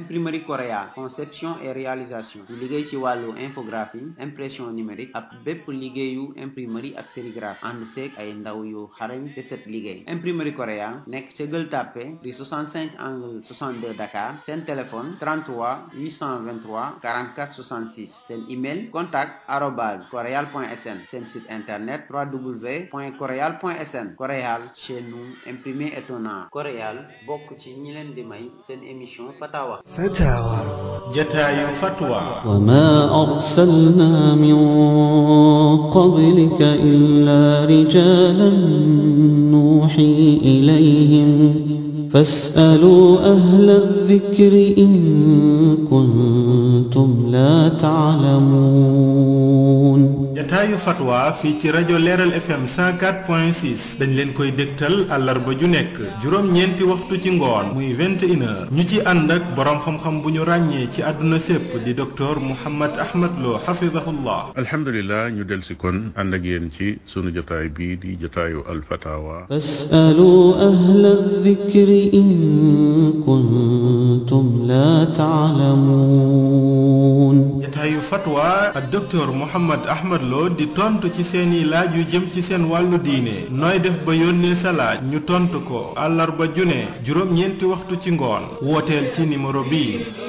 imprimerie Correa conception et réalisation ñu liggéey ci wàllu infographie impression numérique ab bépp liggéeyu imprimerie ak sérigraphie en seeg ay ndaw yu xarañ te set liggéey imprimerie Correa nekk ca Gueule Tapée di 65 angle 62 Dakar seen téléphone 33 823 44 66 seen email contact arobase coréal point sn seen site internet www point coréal point sn Coréal chez nous imprimé étonnant Coréal bokk ci ñi leen di may seen émission Fatawa فتاوى جتاي فتوى وما أرسلنا من قبلك إلا رجالا نوحي إليهم فاسألوا أهل الذكر إن كنتم لا تعلمون jotaayu fatwa fii ci rajo Leeral FM 104.6 dañ leen koy dégtal àllarba ju nekk juróom-ñeenti waxtu ci ngoon muy 21 ñu ci ànd ak borom xam-xam bu ñu ràññee ci àdduna sépp di docteur Mouhammad Ahmad Lo hafizahullah alhamdulilah ñu del si kon ànd ak ci sunu jotaay bii di jotaayu alfatawa fasalu ahla dhikri in kuntum la ta'lamun jotaayu fatwa ak docteur Mouhammad Ahmad Lo di tontu ci seeni laaj yu jëm ci seen wàllu diine nooy def ba yónnee sa ñu tontu ko àllarba junne juróom-ñeenti waxtu ci ngoon wooteel ci numéro bii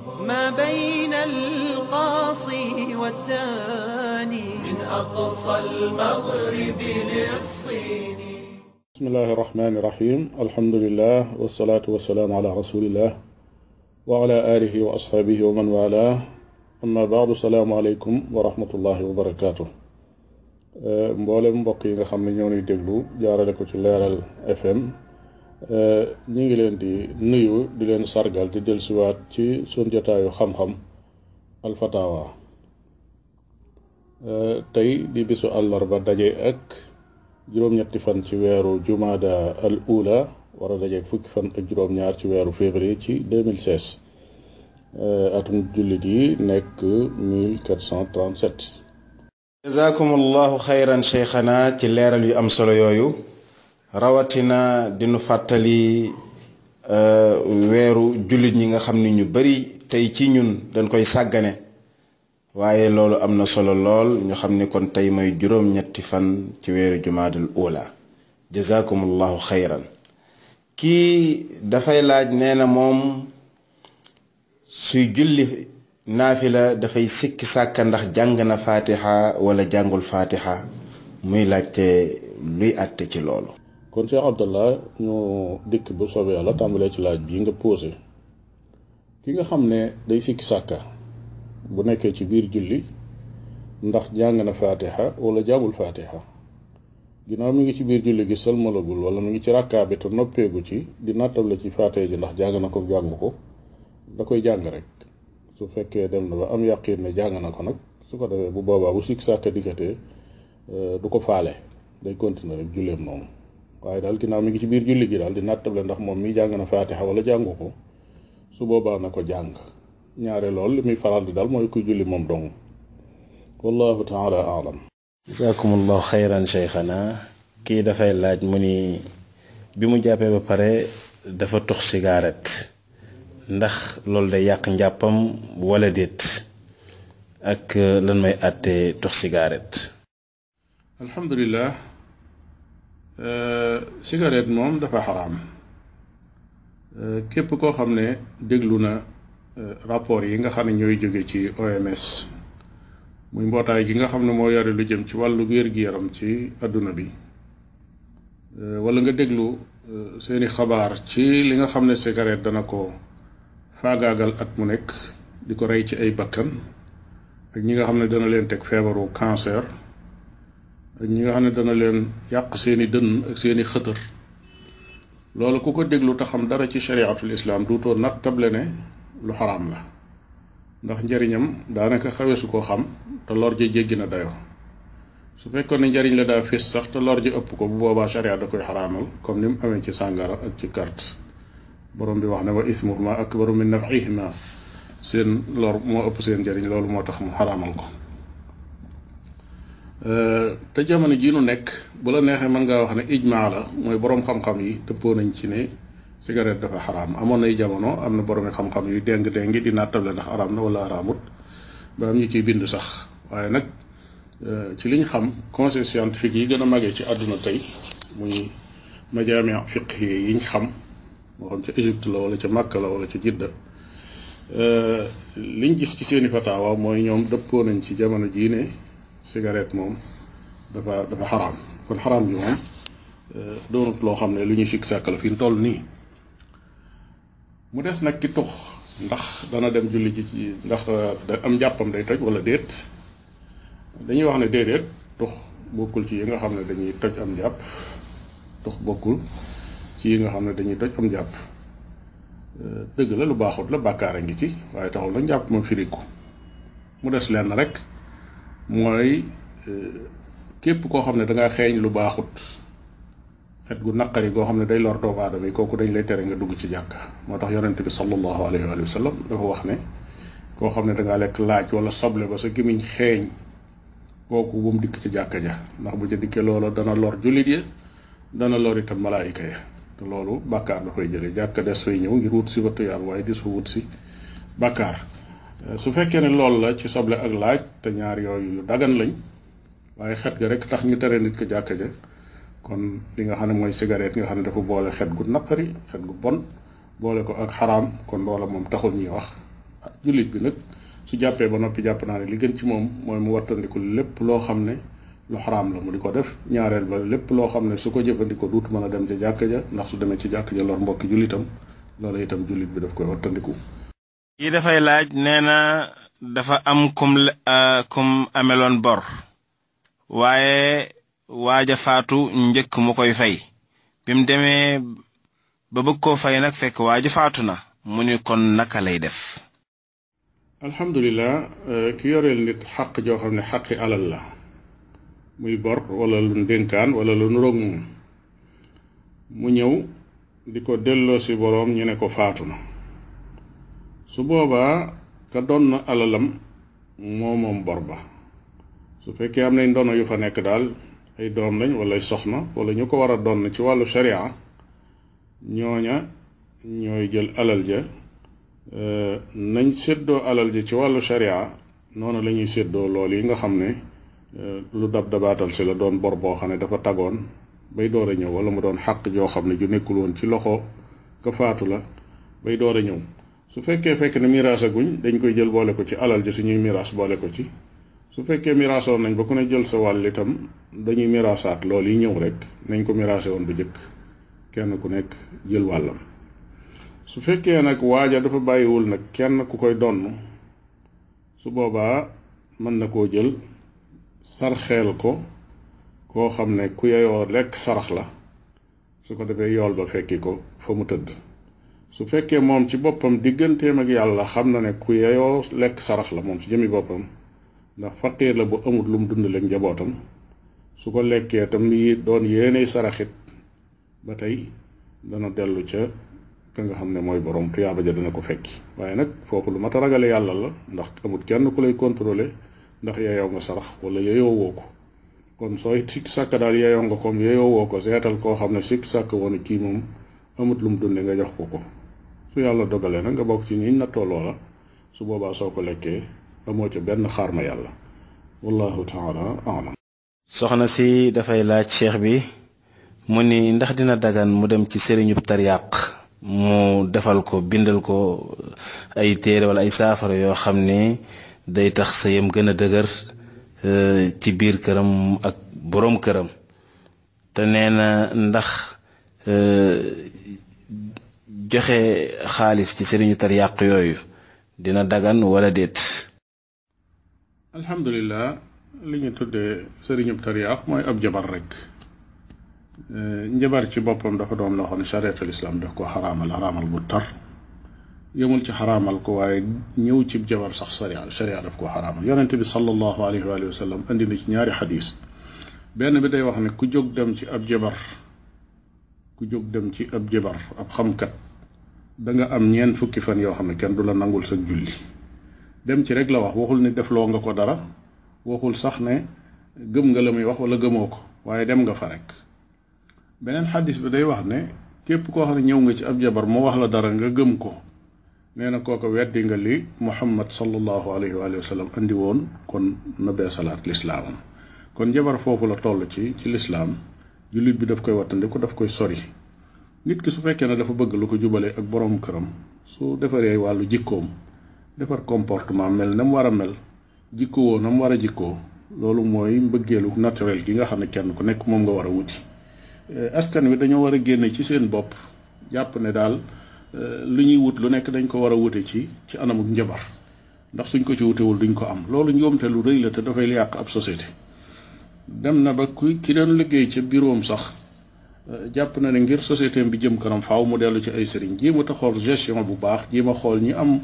ما بين القاصي والداني من أقصى المغرب للصين بسم الله الرحمن الرحيم الحمد لله والصلاة والسلام على رسول الله وعلى آله وأصحابه ومن والاه أما بعد السلام عليكم ورحمة الله وبركاته mboolem mbokk yi nga xam ne ñoo ñuy déglu jaarale ko ci leeral FM Eh, ñu ngi leen di nuyu di leen sargal di jël dellusiwaat ci suñ jotaayu xam-xam alfatawa eh, tey di bisu àllarba daje ak juróom-ñetti fan ci weeru jumaada al ula wara a daje ak fukki fan ak juróom-ñaar ci weeru février ci 2016 eh, atum jullit di nekk 1437 jazakum allahu xayran cheikhana ci leeral yu am solo yooyu rawatina dinu fàttali euh, weeru jullit ñi nga xam ne ñu bari tey ci ñun dañ koy sàggane waaye loolu am na solo lool ñu xam ne kon tey mooy juróom-ñetti fan ci weeru jumaadul ula jazakumullahu xayran kii dafay laaj nee na moom suy julli naafila dafay sikki sàkka ndax jàng na faatixa wala jàngul faatixa muy laajte luy àtte ci loolu kon Cheikh Abdallah ñu dikk bu soobee la tàmbalee ci laaj bi nga posé ki nga xam ne day sikki sàkka bu nekkee ci biir julli ndax jàng na faatiha wala jàngul faatiha ginnaaw mu ngi ci biir julli gi sëlmalagul wala mu ngi ci ràkkaa bi te noppeegu ci di nattable ci faatiha ji ndax jàng na ko jàng ko da koy jàng rek su fekkee dem na ba am yàqiin na jàng na ko nag su ko defee bu boobaa bu sikki sàkka dikkatee euh, du ko faale day continuer rek julleem noonu waaye daal ginnaaw mi ngi ci biir julli gi daal di nattable ndax moom mi jàng na faatixa wala jàngu ko su boobaa na ko jàng ñaare lool li muy faral di daal mooy kuy julli moom dong wallahu taala alam jazakumullahu xayran kii dafay laaj mu ni bi mu jàppee ba pare dafa tux sigaret ndax loolu day yàq njàppam walla déet ak lan may àtte tux cigarette alhamdulilah Euh, cigarette moom dafa xaraam euh, képp koo xam ne déglu na euh, rapport yi nga xam ne ñooy jóge ci OMS muy mbootaay gi nga xam ne moo yore lu jëm ci wàllu wér-gu-yaram ci àdduna bi walla nga déglu seeni xabaar ci li nga xam ne cigarette dana ko faagaagal at mu nekk di ko rey ci ay bakkan ak ñi nga xam ne dana leen teg feebaru cancer ak ñi nga xam ne dana leen yàq seeni dënn ak seeni xëtër loolu ku ko déglu te xam dara ci shariatul islaam duutoo nag table ne lu xaraam la ndax njariñam daanaka su koo xam te lor ji jéggi na dayo su fekkoon ne njariñ la daa fis sax te lor ji ëpp ko bu boobaa sharia da koy xaraamal comme ni mu amee ci sàngara ak ci carte borom bi wax ne wa ismuhuma akbaru min nafihima seen lor moo ëpp seen njariñ loolu moo tax mu xaraamal ko te jamono jii nu nekk bu la neexee mën ngaa wax ne ijmaa la mooy boroom xam-xam yi dëppoo nañ ci ne cigarette dafa xaraam amoon nay jamono am na boroomi xam-xam yuy déng déngi di nattable ndax xaraam na wala ba am ñu ciy bind sax waaye nag euh, ci liñ xam conseil scientifique yi gën a magee ci àdduna tey muy majaami fiqh yi yiñ xam moo xam ca Égypte la wala ca Makka la wala ca Jidda euh, liñ gis ci seeni fataawa mooy ñoom dëppoo nañ ci jamono jii ne cigarette moom dafa dafa xaraam kon xaraam bi moom euh, doonut loo xam ne lu ñuy fig sàkk la fi toll nii mu des nag ki tux ndax dana dem julli ji ci ndax da euh, am jàppam day toj wala déet dañuy wax ne déedéet tux bokkul ci yi nga xam ne dañuy toj am jàpp tux bokkul ci yi nga xam ne dañuy toj am jàpp euh, dëgg la lu baaxut la bàkkaar a ngi ci waaye taxul nag jàpp ma firiku mu des lenn rek mooy euh, képp koo xam ne dangaa ngaa xeeñ lu baaxut xet gu naqari goo xam ne day lor doomu aadama yi kooku dañ lay tere nga dugg ci jàkka moo tax yonent bi sallallahu alayhi wa sallam dafa wax ne koo xam ne da ngaa lekk laaj wala soble ba sa gémmiñ xeeñ kooku bu mu dikk ci jàkka ja ndax bu ca dikkee loola dana lor jullit ya dana lor itam malaayika ya te loolu bàkkaar da koy jëlee jàkka des fay ñëw ngir wut si ba waaye di wut si bàkkaar Eh, su fekkee ne loolu la ci soble ak laaj te ñaar yooyu yu dagan lañ waaye xet ga rek tax ñu tere nit ko jàkka ja kon li nga xam ne mooy cigarette nga xam ne dafa boole xet gu naqari xet gu bon boole ko ak xaraam kon loola moom taxul ñuy wax ah, jullit bi nag su jàppee ba noppi jàpp naa ne li gën ci moom mooy mu wattandiku lépp loo xam ne lu xaraam la mu di ko def ñaareel ba lépp loo xam ne su ko jëfandikoo duut mën a dem ca jàkka ja ndax su demee ci jàkka ja lor mbokki jullitam loola itam jullit bi daf koy wattandiku kii dafay laaj nee na dafa am kum ameloon bor waaye waaja faatu njëkk mu koy fay bi mu demee ba bëgg koo fay nag fekk waaja faatu na mu ni kon naka lay def alhamdulilah e, ki yoreel nit xaq joo ne xaqi alal la muy bor wala lu ndénkaan wala lu nuroog moom mu ñëw di ko delloo si boroom ñu ne ko faatu na su boobaa ka doon na alalam moo moom bor ba su fekkee am nañ ndono yu fa nekk daal ay doom lañ wala ay soxna wala ñu ko war a doon ci wàllu sharia ñooña ñooy jël alal ja nañ séddoo alal ji ci wàllu sharia noonu la ñuy séddoo lool yi nga xam ne lu dab dabaatal si la doon bor boo xam ne dafa tagoon bay door a ñëw wala mu doon xàq joo xam ne ju nekkul woon ci loxo ka la bay door a ñëw su fekkee fekk ne miraas aguñ dañ koy jël boole ko ci alal ji ñuy miraas boole ko ci su fekkee miraasoon nañ ba ku ne jël sa wàll itam dañuy miraasaat lool yi ñëw rek nañ ko miraase woon bu jëkk kenn ku nekk jël wàllam su fekkee nag waaja dafa bàyyiwul nag kenn ku koy donn su boobaa mën na koo jël sarxeel ko koo xam ne ku yeyoo lekk sarax la su ko defee yool ba fekki ko fa mu tëdd su fekkee moom ci boppam digganteem ak yàlla xam na ne ku yeyoo lekk sarax la moom ci jëmi boppam ndax faqiir la bu amut lu mu dundalee njabootam su ko lekkee tam li doon yéeney saraxit ba tey dana dellu ca ka nga xam ne mooy borom tuyaaba ja dana ko fekki waaye nag foofu lu mat a ragale yàlla la ndax amut kenn ku lay contrôler ndax yeyoo nga sarax wala yeyoo woo ko kon sooy sikk sàkk daal yeyoo nga comme yeyoo woo ko seetal koo xam ne sikk sàkk woon kii moom amut lu mu dunde nga jox ko ko su yàlla dogalee nag nga bokk ci ñi nattoo loola su boobaa soo ko lekkee amoo ca benn xaarma yàlla wallahu soxna si dafay laaj cheikh bi mu ni ndax dina dagan mu dem ci sëriñub taryàq mu defal ko bindal ko ay téere wala ay saafara yoo xam ne day tax sa yem gën a dëgër euh, ci biir këram ak boroom këram te nee ndax euh, joxe xaalis ci sëriñu taryàq yooyu dina dagan wala déet alhamdulilah li ñu tuddee sëriñub taryàq mooy ab jabar rek eh, njabar ci boppam dafa doom loo xam ne chariatul islam daf ko xaraamal xaraamal bu tar yëmul ci xaraamal ko waaye ñëw ci jabar sax sharia sharia daf ko xaraamal yonente bi sallallahu alayhi wa sallam andi na ci ñaari xadis benn bi day wax ne ku jóg dem ci ab jabar ku jóg dem ci ab jabar ab xamkat da nga am ñeent fukki fan yoo xam ne kenn du la nangul sa julli dem ci rek la wax waxul ni defloo nga ko dara waxul sax ne gëm nga la muy wax wala gëmoo ko waaye dem nga fa rek beneen xaddis bi day wax ne képp koo xam ne ñëw nga ci ab jabar mu wax la dara nga gëm ko nee na kooko weddi nga li muhammad sallallahu alayhi wa sallam andi woon kon na beesalaat lislaamam kon jabar foofu la toll ci ci lislaam jullit bi daf koy wattandiku daf koy sori nit ki su fekkee ne dafa bëgg lu ko jubalee ak borom këram su defaree wàllu jikkoom defar comportement mel na mu war a mel jikkowoo na mu war a jikkoo loolu mooy bëggeelu naturel gi nga xam ne kenn ku nekk moom nga war a wuti eh, askan wi dañoo war a génne ci seen bopp jàpp ne daal eh, lu ñuy wut lu nekk dañ ko war a wute ci ci anamuk njabar ndax suñ ko ci wutewul duñ ko am loolu njuumte lu rëy la te dafay yàq ab société dem na ba ku ki doon liggéey ca bureau am sax jàpp na ne ngir société bi jëm kanam faw mu dellu ci ay sëriñ jii a taxool gestion bu baax jéem ma xool ñi am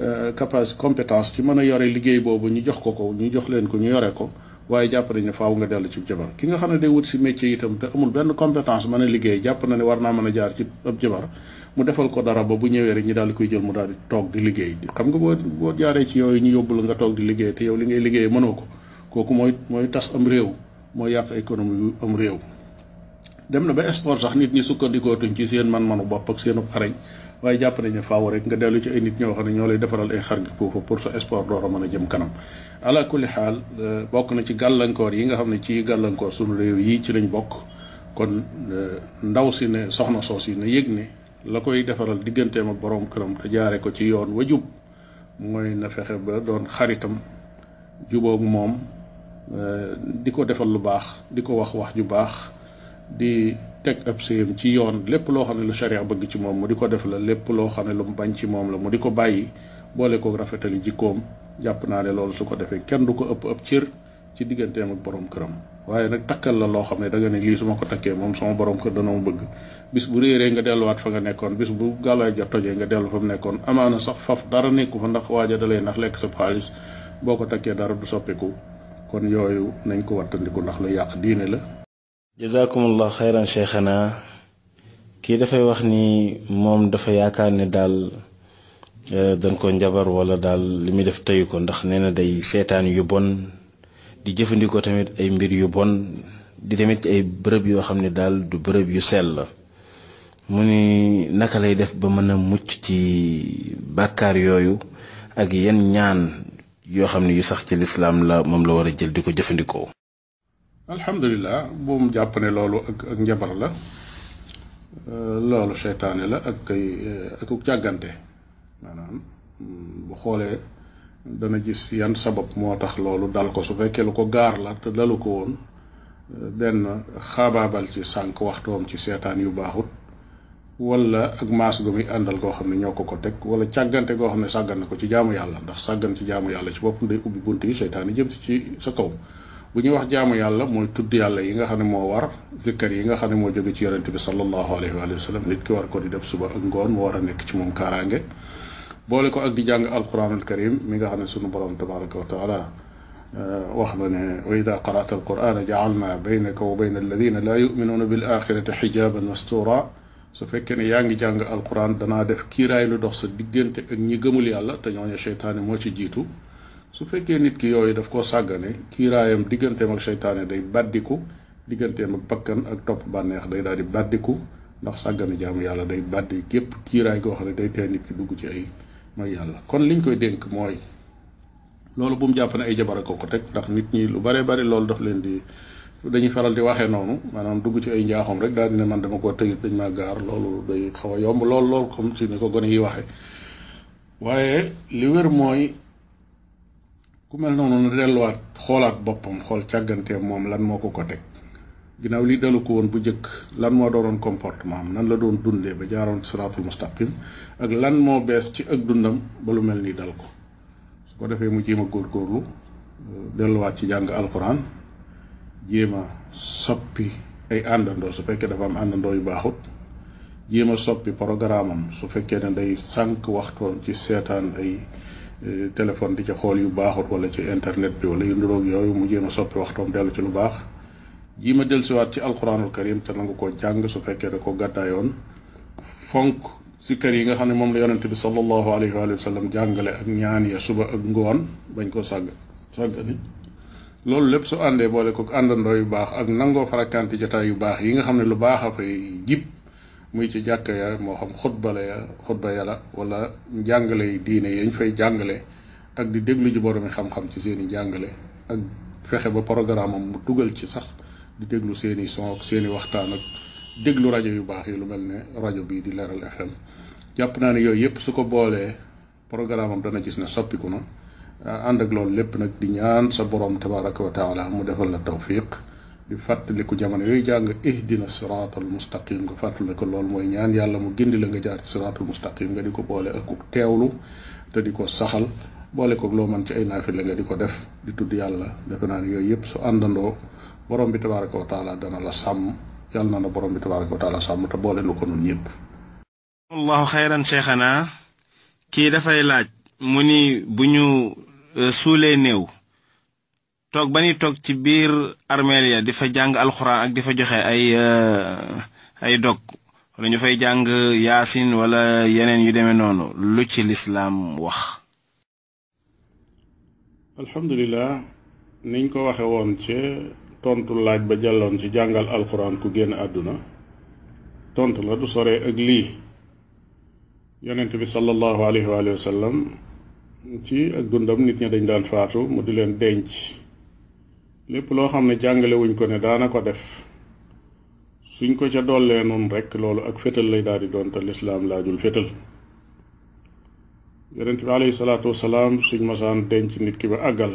euh, capace compétence ci mën a yore liggéey boobu ñu jox ko ko ñu jox leen ko ñu yore ko waaye jàpp nañ ne faaw nga dellu ci jabar ki nga xam ne day wut si métier itam te amul benn compétence mën a liggéey jàpp na ne war naa mën a jaar ci ab jabar mu defal ko dara ba bu ñëwee rek ñi daal di koy jël mu daal di toog di liggéey xam nga boo boo jaaree ci yooyu ñu yóbbu la nga toog di liggéey te yow li ngay liggéey mënoo ko kooku mooy mooy tas am réew mooy yàq économie am réew dem na ba sport sax nit ñi sukkandikootuñ ci seen man-manu bopp ak seenu xarañ waaye jàpp nañ ne faaw rek nga dellu ci ay nit ñoo xam ne ñoo lay defaral ay xar ngi foofu pour sa sport door a mën a jëm kanam ala xaal euh, bokk na ci gàllankoor yi nga xam ne ci gàllankoor sunu réew yi ci lañ bokk kon euh, ndaw si ne soxna soos yi ne yëg ne la koy defaral digganteem ak boroom këram te jaare ko ci yoon wa jub mooy na fexe ba doon xaritam jubóog moom euh, di ko defal lu baax di ko wax wax ju baax di teg ab séyam ci yoon lépp loo xam ne lu sharia bëgg ci moom mu di ko def la lépp loo xam ne lu bañ ci moom la mu di ko bàyyi boole ko rafetali jikkoom jàpp naa ne loolu su ko defee kenn du ko ëpp ëpp cër ci digganteem ak borom këram waaye nag takkal la loo xam ne danga ne lii su ma ko takkee moom sama borom kër dana ma bëgg bis bu réeree nga delluwaat fa nga nekkoon bis bu gàllaay ja tojee nga dellu fa mu nekkoon amaana sax faf dara nekku fa ndax waaja da lay ndax lekk sa xaalis boo ko takkee dara du soppiku kon yooyu nañ ko wattandiku ndax lu yàq diine la jazakumullah xayran cheikhana kii dafay wax ni moom dafa yaakaar ne daal euh, dañ ko njabar wala daal li muy def teyu ko ndax nee na day seetaan yu bon di jëfandikoo tamit ay mbir yu bon di tamit ci ay bërëb yoo xam ne daal du bërëb yu sell la mu ni naka lay def ba mën a mucc ci bàkkaar yooyu ak yenn ñaan yoo xam ne yu sax ci lislaam la moom la war a jël di ko jëfandikoo alhamdulilah bu mu jàpp ne loolu ak ak njabar la euh, loolu seytaane la ak kay euh, ak càggante maanaam mm, bu xoolee dana gis yan sabab moo tax loolu dal ko su fekkee lu ko gaar la te dalu ko woon euh, benn xaabaabal ci sànq waxtoom ci seetaan yu baaxut wala ak maas gu muy àndal goo xam ne ñoo ko ko teg wala càggante goo xam ne sàggan na ko ci jaamu yàlla ndax sàggan ci jaamu yàlla ci boppam day ubbi bunt yi seytaan jëm si ci sa kaw bu ñuy wax jaamu yàlla mooy tudd yàlla yi nga xam ne moo war zikkar yi nga xam ne moo jóge ci yonent bi sallallahu alayhi wa sallam nit ki war ko di def suba ak ngoon mu war a nekk ci moom kaaraange boole ko ak di jàng alquranul karim mi nga xam ne sunu borom tabaraka wa taala euh, wax na ne wa ida qara'ta alqurana ja'alna baynaka wa bayna alladina laa yuminuuna bil axirati xijaban mastura su fekkee ne yaa ngi jàng alquran danaa def kiiraay lu dox sa diggante ak ñi gëmul yàlla te ñooñu seytaane moo ci jiitu su fekkee nit ki yooyu daf koo sàggane kiiraayam digganteem ak seytaane day bàddiku digganteem ak bakkan ak topp bànneex day daal di bàddiku ndax sàggane jaamu yàlla day bàddi képp kiiraay goo xam ne day tee nit ki dugg ci ay mooy yàlla kon liñ koy dénk mooy loolu bu mu jàpp ne ay jabar ko ko teg ndax nit ñi lu bare bari loolu daf leen di dañuy faral di waxee noonu maanaam dugg ci ay njaaxoom rek daal di ne man dama koo tëyit dañ ma gaar loolu a yomb lool lool comme si ni ko gone yi waxee ku mel noonu na delluwaat xoolaat boppam xool càggantee moom lan moo ko ko teg ginnaaw lii dalu ko woon bu njëkk lan moo doonoon comportement am nan la doon dundee ba jaaroon siraatul mustaqim ak lan moo bees ci ak dundam ba lu mel nii dal ko su ko defee mu jéem a góorgóorlu euh, delluwaat ci jàng alxuraan jéem a soppi ay àndandoo su fekkee dafa am àndandoo yu baaxut jéem a soppi programme am su fekkee ne day sànq waxtoon ci seetaan ay Euh, téléphone di ca xool yu baaxut wala ci internet bi wala yu niroog yooyu mu jéem a soppi waxtoom dellu ci lu baax ji ma dellusiwaat ci alquranul karim te nangu ko jàng su fekkee da ko gàddaayoon fonk si kër yi nga xam ne moom la yonente bi sallallahu alayhi wa sallam jàngale ak ñaan ya suba ak ngoon bañ koo sàgg sàggani loolu lépp su àndee boole ko àndandoo yu baax ak nangoo farakante jataay yu baax yi nga xam ne lu baax a fay jib muy ci jàkka ya moo xam xutba la ya xutba ya la wala njàngale yi diine yañ fay jàngale ak di déglu ji boromi xam-xam ci seen i jàngale ak fexe ba programme am mu dugal ci sax di déglu seeni i son ak waxtaan ak déglu rajo yu baax yi lu mel ne rajo bii di leeral FM jàpp naa ne yooyu yëpp su ko boolee programme am dana gis ne soppiku na ànd ak loolu lépp nag di ñaan sa borom tabaraka wa taala mu defal la tawfiq di fàttaliku jamono yooyu jàng ihdina siraatal mustaqim nga fàttaliku loolu mooy ñaan yàlla mu gindi la nga jaar ci siraatal mustaqim nga di ko boole ak teewlu te di ko saxal boole ko loo man ci ay naafila nga di ko def di tudd yàlla defe naa ne yooyu yëpp su àndandoo borom bi tabaaraka wa taala dana la sàmm yàlla na na borom bi tabaaraka wa taala sàmm te boole nu ko nun ñëpp. allahu xayran cheikhana kii dafay laaj mu ni bu ñu euh, suulee néew. toog ba ñuy toog ci biir armeel ya di fa jàng alxuraan ak di fa joxe ay euh, ay dog wala ñu fay jàng yaasin wala yeneen yu demee noonu lu ci lislaam wax alhamdulilah niñ ko waxe woon ci tontu laaj ba jàlloon ci jàngal alxuraan ku génn àdduna tontu la du sore ak lii yonent bi sallallahu alayhi wa ci ak dundam nit ñi dañ daan faatu mu di leen denc lépp loo xam ne jàngalewuñ ko ne daana ko def suñ ko ca dool noonu rek loolu ak fétal lay daal di doon lislaam laajul fétal yonent bi alayhi salaatu wasalaam suñ masaan denc nit ki ba àggal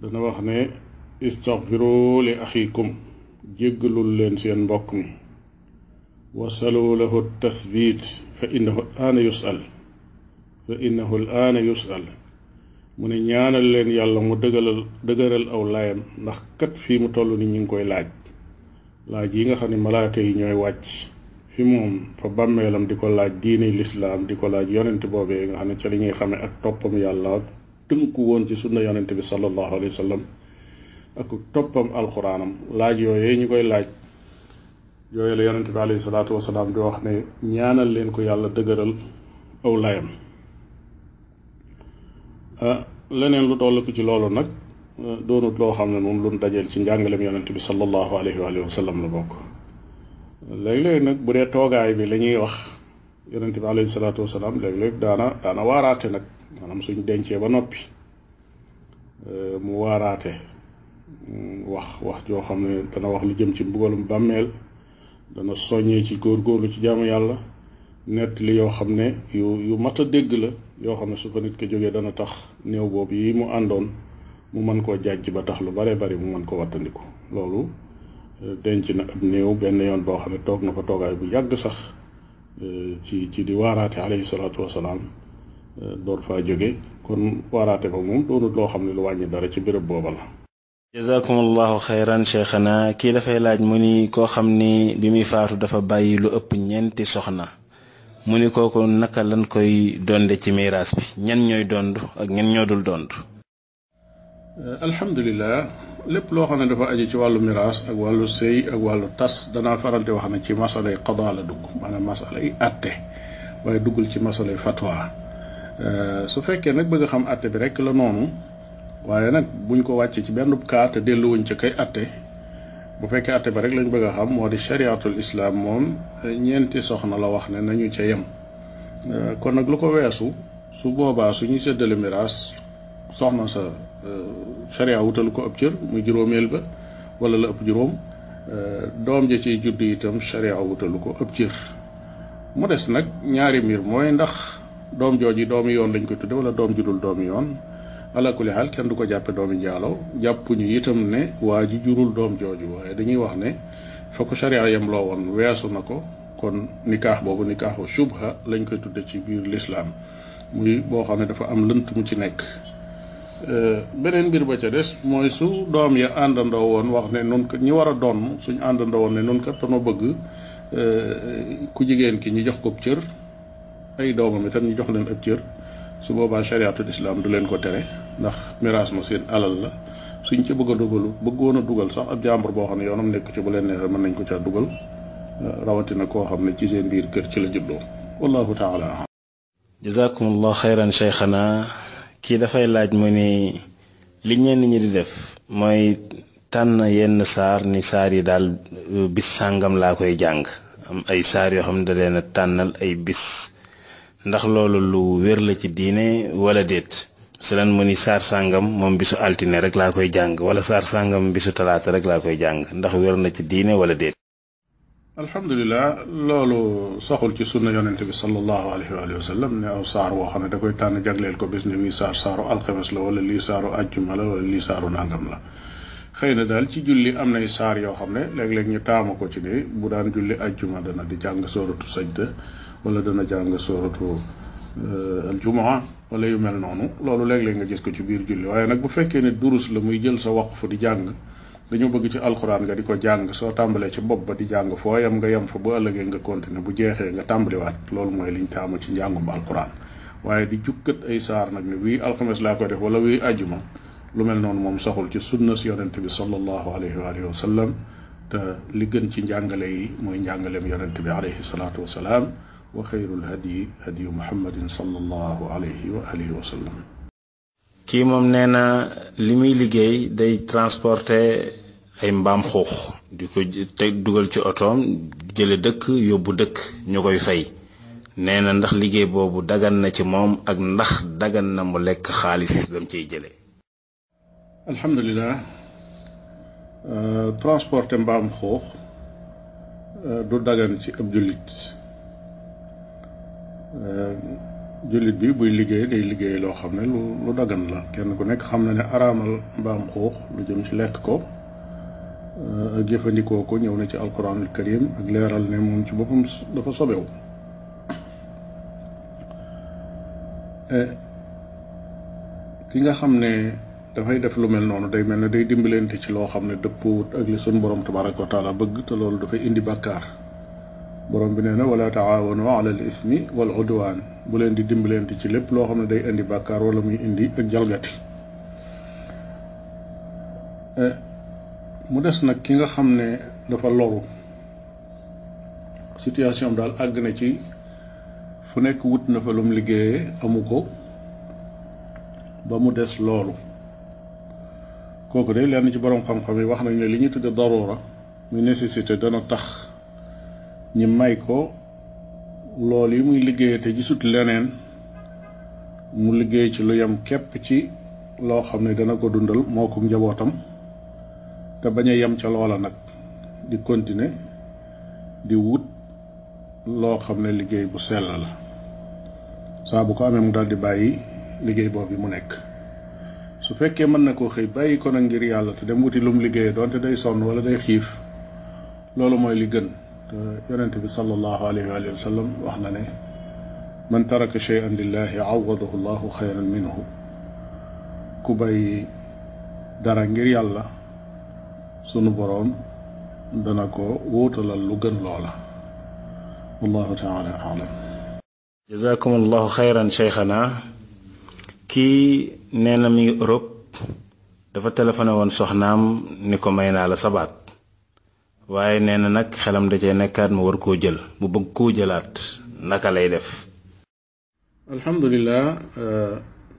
dana wax ne istaghfiru li axikum jéggalul leen seen mbokk mi wasalu lahu tasbit fa innahu al aana yusal fa innahu al aana yusal mu ne ñaanal leen yàlla mu dëgëral dëgëral aw laayam ndax kat fii mu toll ni ñu ngi koy laaj laaj yi nga xam ne malaaka yi ñooy wàcc fi moom fa bàmmeelam di ko laaj diine lislaam di ko laaj yonent boobee nga xam ne ca li ñuy xamee ak toppam yàlla tënku woon ci sunna yonent bi sallallahu alayhi wa sallam ak toppam alxuraanam laaj yooyee ñu koy laaj yooyu la yonent bi alayhi salaatu wasalaam di wax ne ñaanal leen ko yàlla dëgëral aw laayam Euh, leneen lu toll ko ci loolu nag euh, doonut loo xam ne moom lu mu dajeel ci njàngaleem yonent bi sallallahu alayhi wa sallam la bokk léeg-léeg nag bu dee toogaay bi lañuy wax yonent bi alayhi salaatu wasalaam léeg-léeg daana daana waaraate nag maanaam suñ dencee ba noppi euh, mu waaraate mm, wax wax joo xam ne dana wax lu jëm ci mbugalum bàmmeel dana soññee ci góor góorlu ci jaamu yàlla nett li yoo xam ne yu yu mat a dégg la yoo xam ne su ko nit ko jógee dana tax néew boobu yi mu àndoon mu mën koo jàjj ba tax lu bare bari mu mën koo wattandiku loolu euh, denc na ab néew benn yoon boo xam ne toog na ko toogaay bu yàgg sax euh, ci ci di waaraate alayhi salaatu euh, door faa jóge kon waaraate ba moom doonut loo xam ne lu wàññi dara ci béréb booba la jazakumullahu xayran cheikhana kii dafay laaj mu ni koo xam ni bi muy faatu dafa bàyyi lu ëpp ñeenti soxna mu ni kooku naka lañ koy donde ci miraas bi ñan ñooy dond ak ñan ñoo dul dond euh, alhamdulilah lépp loo xam ne dafa aju ci wàllu miraas ak wàllu sëy ak wàllu tas danaa faral di wax na ci masala yi qadaa la dugg maanaam masala yi atte waaye duggul ci masala yi fatwa euh, su fekkee nag bëgg a xam atte bi rek la noonu waaye nag buñ ko wàccee ci benn kaa te delluwuñ ca kay atte bu fekkee àtte ba rek lañ bëgg a xam moo di chariatul islaam moom ñeenti soxna la wax ne nañu ca yem euh, kon nag lu ko weesu su boobaa su ñuy séddale miraas soxna sa charia euh, wutalu ko ab muy juróomeel ba wala la ëpp juróom euh, doom ja ciy judd itam charia wutalu ko ab cër mu des nag ñaari mbir mooy ndax doom jooji doomi yoon lañ koy tudde wala doom ju doomi yoon alakuli xaal kenn du ko jàppe doomi njaalo jàppuñu itam ne waa ji jurul doom jooju waaye dañuy wax ne fa ko sharia yam loo woon weesu na ko kon nikaax boobu nikaaxu shubha lañ koy tudde ci biir lislaam muy boo xam ne dafa am lënt mu ci nekk euh, beneen mbir ba ca des mooy su doom ya àndandoo woon wax ne nun ñi war a doon suñ àndandoo woon ne nun kat danoo bëgg euh, ku jigéen ki ñu jox ko cër ay doomam itam ñu jox leen ab cër su boobaa chariatul islam du leen ko tere ndax miraas ma seen alal la suñ ca bëgg a dugalu bëggoon a dugal sax ab jàmbur boo xam ne yoonam nekk ci bu leen neexee mën nañ ko caa dugal euh, rawatina koo xam ne ci seen biir kër ci la juddoo wallahu taala jazakumullah xayran cheikhana kii dafay laaj mu ni li ñenn ñi di def mooy tànn yenn saar ni saar yi daal euh, bis sàngam laa koy jàng am ay saar yoo xam ne da leen a tànnal ay bis ndax loolu lu wér la ci diine wala déet selan mu ni saar sàngam moom bi su altine rek laa koy jàng wala saar sàngam bi su talaata rek laa koy jàng ndax wér na ci diine wala déet alhamdulilah loolu saxul ci sunna yonente bi salallahu alayhi wa sallam ne xam ne da koy tànn jagleel ko bis ne wii saar saaru la wala lii saaru àjjuma la wala lii saaru nàngam la xëy na daal ci julli am nay saar yoo xam ne léeg-léeg ñu taama ko ci ne bu daan julli àjjuma dana di jàng sooratu sajda wala dana jàng suratu euh, aljumaa walla yu mel noonu loolu léeg-léeg nga gis ko ci biir julli waaye nag bu fekkee ne durus la muy jël sa waqfu di jàng dañu bëgg ci alxuraan nga di ko jàng soo tàmbalee ci bopp ba di jàng foo yam nga yem fa bu ëllëgee nga continuer bu jeexee nga tàmbaliwaat loolu mooy liñ taamu ci njàngum alxuraan waaye di jukkat ay saar nag ne wii alxames laa ko def wala wii ajuma lu mel noonu moom saxul ci sunna si yonent bi sallallahu alayhi wa alihi wa sallam te li gën ci njàngale yi mooy njàngaleem yonent bi alayhi salaatu wasalaam wa xayrul hadyi kii moom nee na li muy liggéey day transporter ay mbaam xuux di ko teg dugal ci otoom jële dëkk yóbbu dëkk ñu koy fay nee na ndax liggéey boobu dagan na ci moom ak ndax dagan na mu lekk xaalis ba mu ciy jële alhamdulilah euh, transporter mbaam xuux euh, du dagan ci ab jullit Euh, jullit bi buy liggéey day liggéey loo xam ne lu lu la kenn ku nekk xam na ne araamal mbaam xuux lu jëm ci lekk ko ak euh, jëfandikoo ko ñëw na ci alquranul karim ak leeral ne moom ci boppam dafa sobewu euh, ki nga xam ne dafay def lu mel noonu day mel ne day dimbalante ci loo xam ne dëppoowut ak li sun borom tabaraka wa taala bëgg te loolu dafay indi bàkkaar borom bi nee na wala taawanu ala al ismi wal udwaan bu leen di dimbalante ci lépp loo xam ne day indi bàkkaar wala muy indi ak jalgati eh, mu des nag ki nga xam ne dafa loru situation daal àgg na ci fu nekk wut na fa lum liggéeyee amu ko ba mu des loolu kooku de lenn ci borom xam-xam yi wax nañ ne li ñu tudde daruura mu nécessité dana tax ñi may ko lool yi muy liggéeyee te gisut leneen mu liggéey ci lu yam képp ci loo xam ne dana ko dundal moo ko njabootam te bañ a yem ca loola nag di continuer di wut loo xam ne liggéey bu sell la saa bu ko amee mu daldi bàyyi liggéey boobu mu nekk su fekkee mën na koo xëy bàyyi ko nag ngir yàlla te dem wuti lum liggéeyee doonte day sonn wala day xiif loolu mooy li gën yonent bi sallallahu wa sallam wax na ne man taraka cheyan lillahi awadahu llahu xayran minhu ku bay dara ngir yàlla sunu boroom dana ko wuutalal lu gën loola wallahu taala alam jazakum allahu xayran kii nee na mi ngi Europe dafa téléphoné woon soxnaam ni ko may naa la sabaat waaye nee na nag xelam da cee nekkaat mu war koo jël mu bëgg koo jëlaat naka lay def alhamdulilah euh,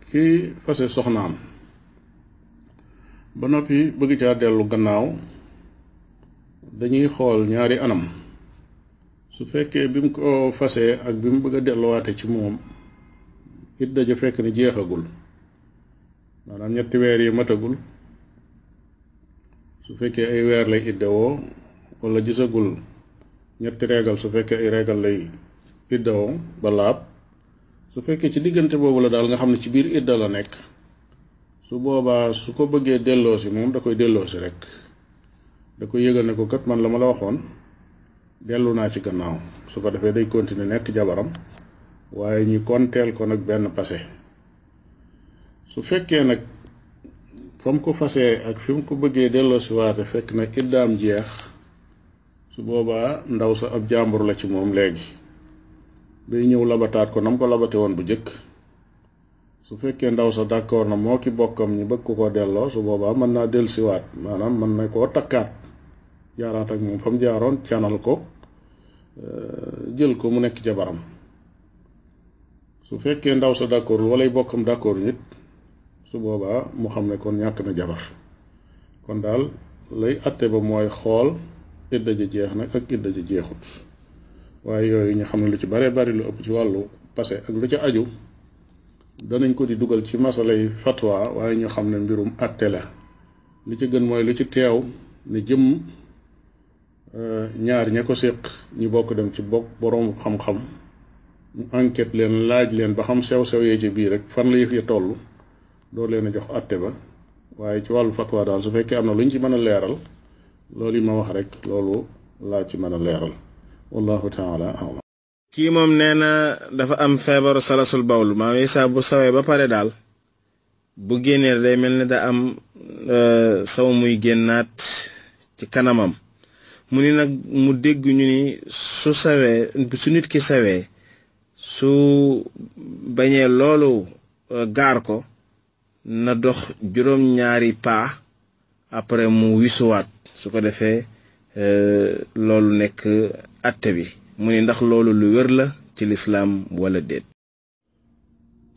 kii fase soxnaam ba noppi bëgg caa dellu gannaaw dañuy xool ñaari anam su fekkee bi mu ko fasee ak bi mu bëgg a delluwaate ci moom it daja fekk ni jeexagul maanaam ñetti weer yi matagul su fekkee ay weer lay idde wala gisagul ñetti reegal su fekkee ay reegal lay iddawoo ba laab su fekkee ci diggante boobu la daal nga xam ne ci biir idda la nekk su boobaa su ko bëggee delloosi moom da koy delloosi rek da ko yëgal ne ko kat man la ma la waxoon dellu naa ci gannaaw su ko defee day continuer nekk jabaram waaye ñu konteel ko nag benn passé su fekkee nag fa ko fasee ak fi mu ko bëggee delloosi waate fekk na iddaam jeex su boobaa ndaw sa ab jàmbur la ci moom léegi day ñëw labataat ko nam ko labate woon bu jëkk su fekkee ndaw sa d'accord na moo ki bokkam ñu bëgg ko ko delloo su boobaa mën naa dellusiwaat maanaam mën na koo takkaat jaaraat ak moom mu jaaroon canal ko euh, jël ko mu nekk jabaram su fekkee ndaw sa d'accord walay bokkam d'accord nit su boobaa mu xam ne kon ñàkk na jabar kon daal lay atte ba mooy xool idda ji jeex nag ak idda ji jeexut waaye yooyu ñu xam ne lu ci bare bari lu ëpp ci wàllu passé ak lu ca aju danañ ko di dugal ci masalay fatwa waaye ñu xam ne mbirum àtte la li ci gën mooy lu ci teew ne jëm ñaar ña ko séq ñu bokk dem ci bokk boroom xam-xam mu enquête leen laaj leen ba xam sew-sew yee ci bii rek fan la yëf yi toll door leen a jox àtte ba waaye ci wàllu fatwa daal su fekkee am na lu ñu ci mën a leeral loolu yi ma wax rek loolu laa ci mën a leeral wallahu taala alam kii moom nee na dafa am feebaru salasul bawlu maam saa bu sawee ba pare daal bu génnee day mel ne da am euh, saw muy génnaat ci kanamam mu ni nag mu dégg ñu ni su sawee su nit ki sawee su bañee loolu euh, gaar ko na dox juróom-ñaari paa après mu wisuwaat su ko defee euh, loolu nekk atte bi mu ni ndax loolu lu wér la ci lislaam wala déet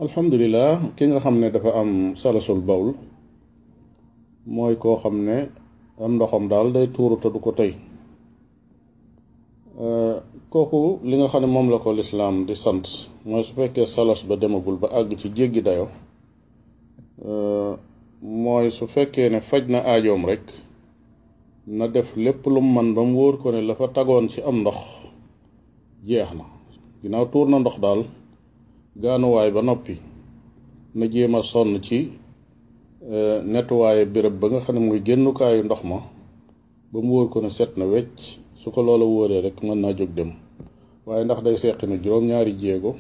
alhamdulilah ki nga xam ne dafa am salasul bawl mooy koo xam ne ndoxam daal day tuurata du ko tey euh, kooku li nga xam ne moom la ko lislaam di sant mooy su fekkee salas ba demagul ba àgg ci jéggi dayo euh, mooy su fekkee ne faj na aajoom rek na def lépp lu mu man ba mu wóor ko ne la fa tagoon ci am ndox jeex na ginnaaw tuur na ndox daal gaanuwaay ba noppi na jéem a sonn ci euh, nettuwaaye béréb ba nga xam ne mooy génnukaayu ndox ma ba mu wóor ko ne set na wecc su ko loola wóoree rek mën naa jóg dem waaye ndax day seqi na juróom-ñaari jéego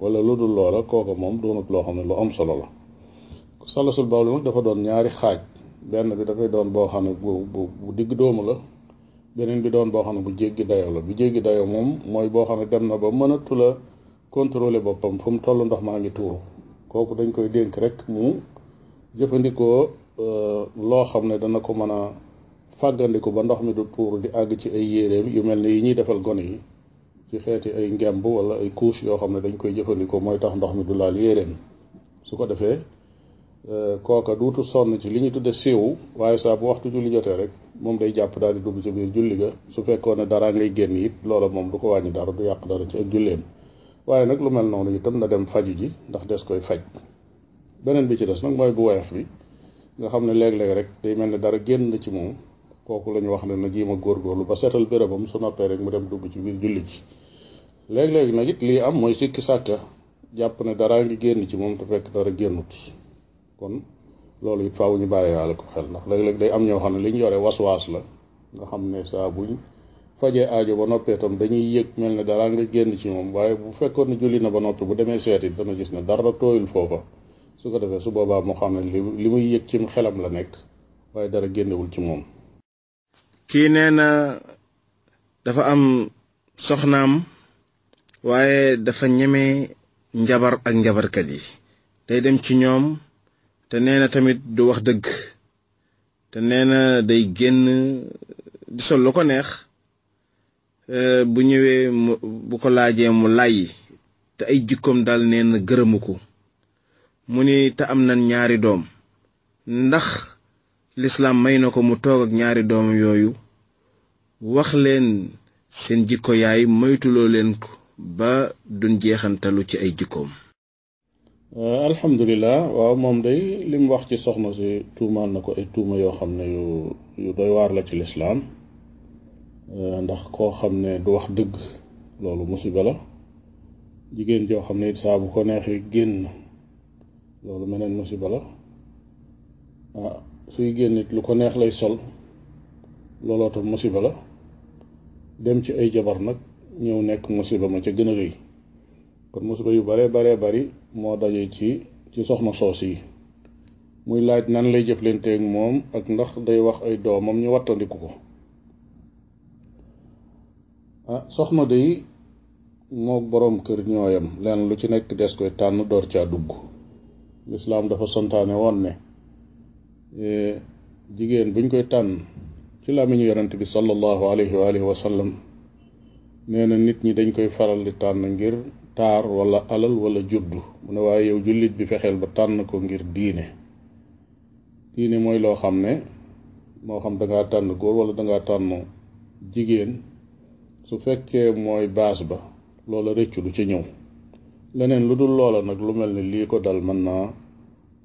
walla lu dul loola kooka moom doonut loo xam ne lu am solo la salasul bawlu nag dafa doon ñaari xaaj benn bi dafay doon boo xam ne bu bu bu digg doomu la beneen bi doon boo xam ne bu jéggi dayoo la bu jéggi dayoo moom mooy boo xam ne dem na ba mënatu la contrôler boppam fu toll ndox maa ngi tuuru kooku dañ koy dénk rek mu jëfandikoo euh, loo xam ne dana ko mën a fàggandiku ba ndox mi du tuuru di àgg ci ay yéreem yu mel ne yi ñuy defal gone yi ci xeeti ay ngemb wala ay couche yoo xam ne dañ koy jëfandikoo mooy tax ndox mi du laal yéreem su ko defee Euh, kooka duutu sonn ci li ñu tudde siiw waaye sax bu waxtu julli jotee rek moom day jàpp daal di dugg ci biir julli ga su fekkoon ne dara ngay génn it loola moom du ko wàññi dara du yàq dara ci ak julleem waaye nag lu mel noonu itam na dem faju ji ndax des koy faj beneen bi ci des nag bu woyof bi nga xam ne léeg-léeg rek day mel ne dara génn na ci moom kooku la ñu wax ne na jéem a góorlu ba seetal bérébam su noppee rek mu dem dugg ci biir julli ji léeg-léeg nag it lii am mooy sikki sàkka jàpp ne daraa ngi génn ci moom te fekk dara génnut kon loolu it faaw ñu bàyyiwaale ko xel ndax léeg-léeg day am ñoo xam ne li ñu yore waswaas la nga xam ne saa buñ fajee aajo ba noppee tam dañuy yëg mel ne dara nga génn ci moom waaye bu fekkoon ne julli na ba noppi bu demee seeti dana gis ne dara tooyul foofa su ko defee su boobaa mu xam ne li li muy yëg ci xelam la nekk waaye dara génnewul ci moom. nee na dafa am soxnaam waaye dafa ñeme njabar ak njabarkat yi day dem ci ñoom. te nee na tamit du wax dëgg te nee na day génn di sol lu ko neex euh, bu ñëwee mu bu ko laajee mu làyyi te ay jikkoom daal nee na gërëmu ko mu ni te am na ñaari doom ndax lislaam may na ko mu toog ak ñaari doom yooyu waxleen seen jikko yaay moytuloo leen ba duñ jeexantalu ci ay jikkoom Euh, alhamdulilah waaw moom day li mu wax ci soxna si tuumaal na ko ay tuuma yoo xam ne yu day doy waar la ci lislaam euh, ndax koo xam ne du wax dëgg loolu musiba la jigéen joo xam ne it saa bu ko neexee génn loolu meneen musiba la ah suy génn it lu ko neex lay sol looloo tam musiba la dem ci ay jabar nag ñëw nekk musiba ma ca gën a rëy kon musiba yu bare bare bari moo daje ci ci soxna soos yi muy laaj nan lay jëflanteeg moom ak ndax day wax ay doomam ñu wattandiku ko ah soxna day moo boroom kër ñooyam leen lu ci nekk des koy tànn door caa dugg lislaam dafa sontaane woon ne eh, jigéen buñ koy tànn ci làmmiñ yonent bi sallallahu alayhi wa alihi wa na nit ñi dañ koy faral di tànn ngir taar wala alal wala juddu mu ne waaye yow jullit bi fexeel ba tànn ko ngir diine diine mooy loo xam ne moo xam danga tànn góor wala dangaa tànn jigéen su fekkee mooy baas ba loola rëccu lu ci ñëw leneen lu dul loola nag lu mel ni lii ko dal mën naa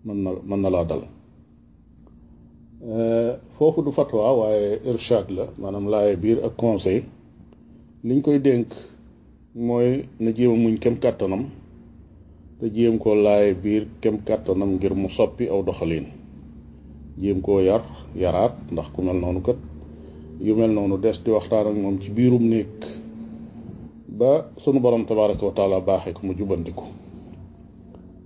mën na mën na laa dal euh, foofu du fatwa waaye irshad la maanaam laaye biir ak conseil liñ koy dénk mooy na jéem muñ kem kàttanam te jéem koo laay biir kem kàttanam ngir mu soppi aw doxaliin jéem koo yar yaraat ndax ku mel noonu kat yu mel noonu des di waxtaan moom ci biirum néeg ba sunu borom tabaraka wa taala baaxee ko mu jubbandiku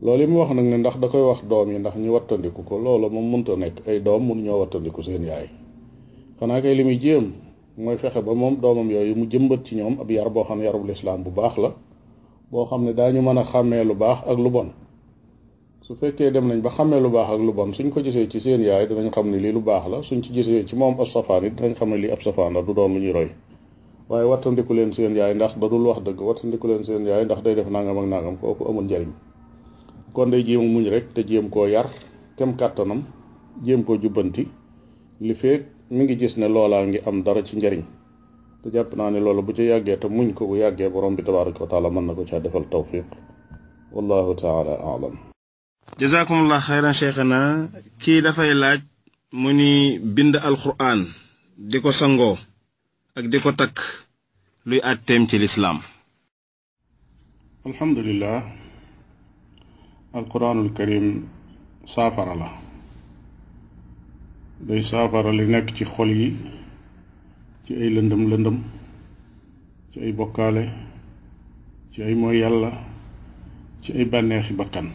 loolu yi mu wax nag ne ndax da koy wax doom yi ndax ñu wattandiku ko loolu moom mënta nekk ay doom mun ñoo wattandiku seen yaay xanaa kay li jéem mooy fexe ba moom doomam yooyu mu jëmbat ci ñoom ab yar boo xam ne yarub lislaam bu baax la boo xam ne daañu mën a xàmmee lu baax ak lu bon su fekkee dem nañ ba xàmmee lu baax ak lu bon suñ ko gisee ci seen yaay danañ xam ne lii lu baax la suñ ci gisee ci moom ab safaan it danañ xam ne lii ab safaan la du doon lu ñuy roy waaye wattandiku leen seen yaay ndax da dul wax dëgg wattandiku leen seen yaay ndax day def nangam ak nangam kooku amul njariñ kon day jéem muñ rek te jéem koo yar kem kàttanam jéem koo jubbanti li feeg mi ngi gis ne loolaa ngi am dara ci njariñ te jàpp naa ne loolu bu ci yàggee te muñ ko bu yàggee borom bi tabaaraka wa taala mën na ko caa defal tawfiq wallahu taala alam jazakumullah xayran cheikhana kii dafay laaj mu ni bind alquran di ko sangoo ak di ko takk luy àtteem ci lislaam alhamdulillah saafara day saafara li nekk ci xol yi ci ay lëndëm lëndëm ci ay bokkaale ci ay mooy yàlla ci ay bànneexi bakkan